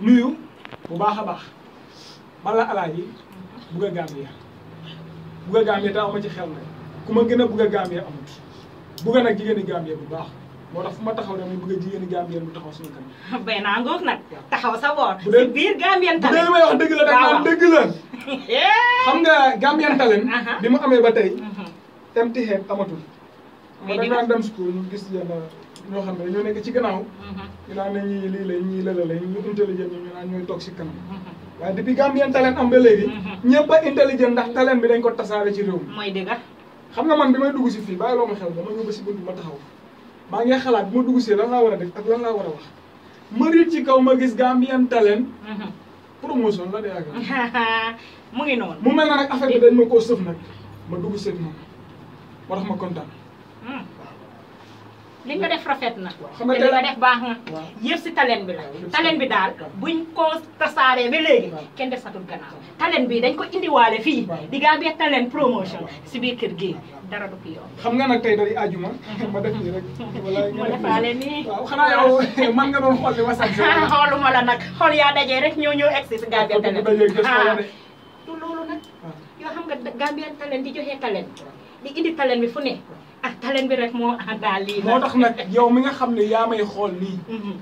nuyu bu baax a baax man la alaaji bugg a Gambia bugg a Gambia daaw ma ci xel nag ku ma gën a bugg a Gambia amut bugg nag jigéeni Gambia bu baax moo tax fu ma taxaw ne muy bugg a jigéeni Gambia bu taxaw suñu kanam. bay naa ngoog nag taxaw sa boor. bu dee biir Gambian Talent bu dëgg xam nga Gambian Talent. Uh-huh. bi mu amee ba tey. MTH uh-huh. amatul. mais dem school ñu gis yenn ñoo xam ne nekk ci gannaaw. Mm-hmm. ñu naan ne ñii lii la la la ñu intelligent ñu naan ñooy mm-hmm. Gambian am ba mm-hmm. intelligent ndax talent bi dañ ko tasaare ci réew mi. mooy xam nga man bi may dugg si fii bàyyi loo ma xel dama ñëw ba si bunt ma taxaw maa ngi xalaat bu ma dugg lan def ak lan wax. ci kaw ma gis Gambian promotion la de yaakaar. mu ngi noonu. mu mel na nag affaire bi dañ ma koo sëf nag ma dugg ma Hmm. li nga def rafet na li nga def bax na yëpp ci talent bi la talent bi dal buñ ko tasaaree ba léegi kenn satul ganna talent bi dañ ko walé fi di Gambia talent promotion ci biir keur gi dara du fi yoon xam nga nag tey day ajuma ma def ni rek ma defaale nii ni xana yow man nga doon xool li wasal xoluma la nak xol ya dajé rek ñoo ñoo exis si Gambia talent ah. du lolu nak ah. yo xam nga Gambia talent di joxe talent di indi talent bi fu ne ak talent bi moo daal lii moo tax nag yow mi nga xam ne yaa may xool nii mm-hmm.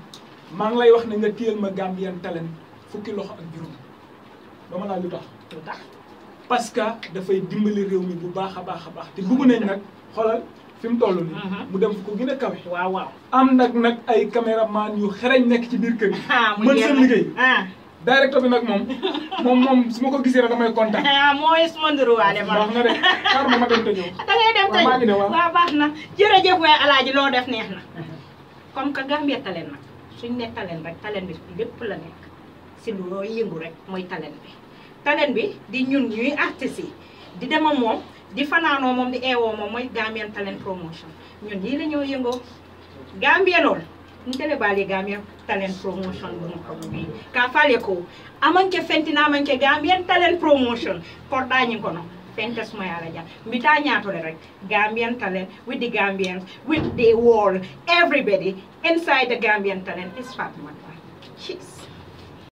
maa ngi lay wax ne nga téyel ma Gambian Talent fukki loxo ak juróom dama laa lu tax lu tax parce que dafay dimbali réew mi bu baax a baax a baax te bëgg nañ nag xoolal fi mu toll nii. Mm-hmm. mu dem fu ko gën a kawe. waaw waaw am nag nag ay caméraman yu xereñ nekk ci biir kër yi. Ah, mën seen liggéey. Ah. directeur bi nag moom moom moom su ma ko gisee rek damay kontaan. ah mooy su ah, ma nduruwaale ma. wax na de xaar ma ma dem te ñëw. da ngay dem te ñëw waaw loo def neex na. comme que Gambian Talents nag suñ ne talent rek talent bi lépp la nekk si lu yëngu rek mooy talent bi. talent bi di ñun ñuy artistes di dem ak moom di fanaanoo moom di eewoo moom mooy Gambian Talents promotion ñun yii la ñoo yëngoo Gambia nte le bale Gambian Talent Promotion bumu bi ka fale ko amanke fentina amanke Gambian Talent Promotion porta nyi kono fentes mo yala ja mbita ñatole rek Gambian Talent with the Gambians with the world everybody inside the Gambian Talent is Fatima Cheers.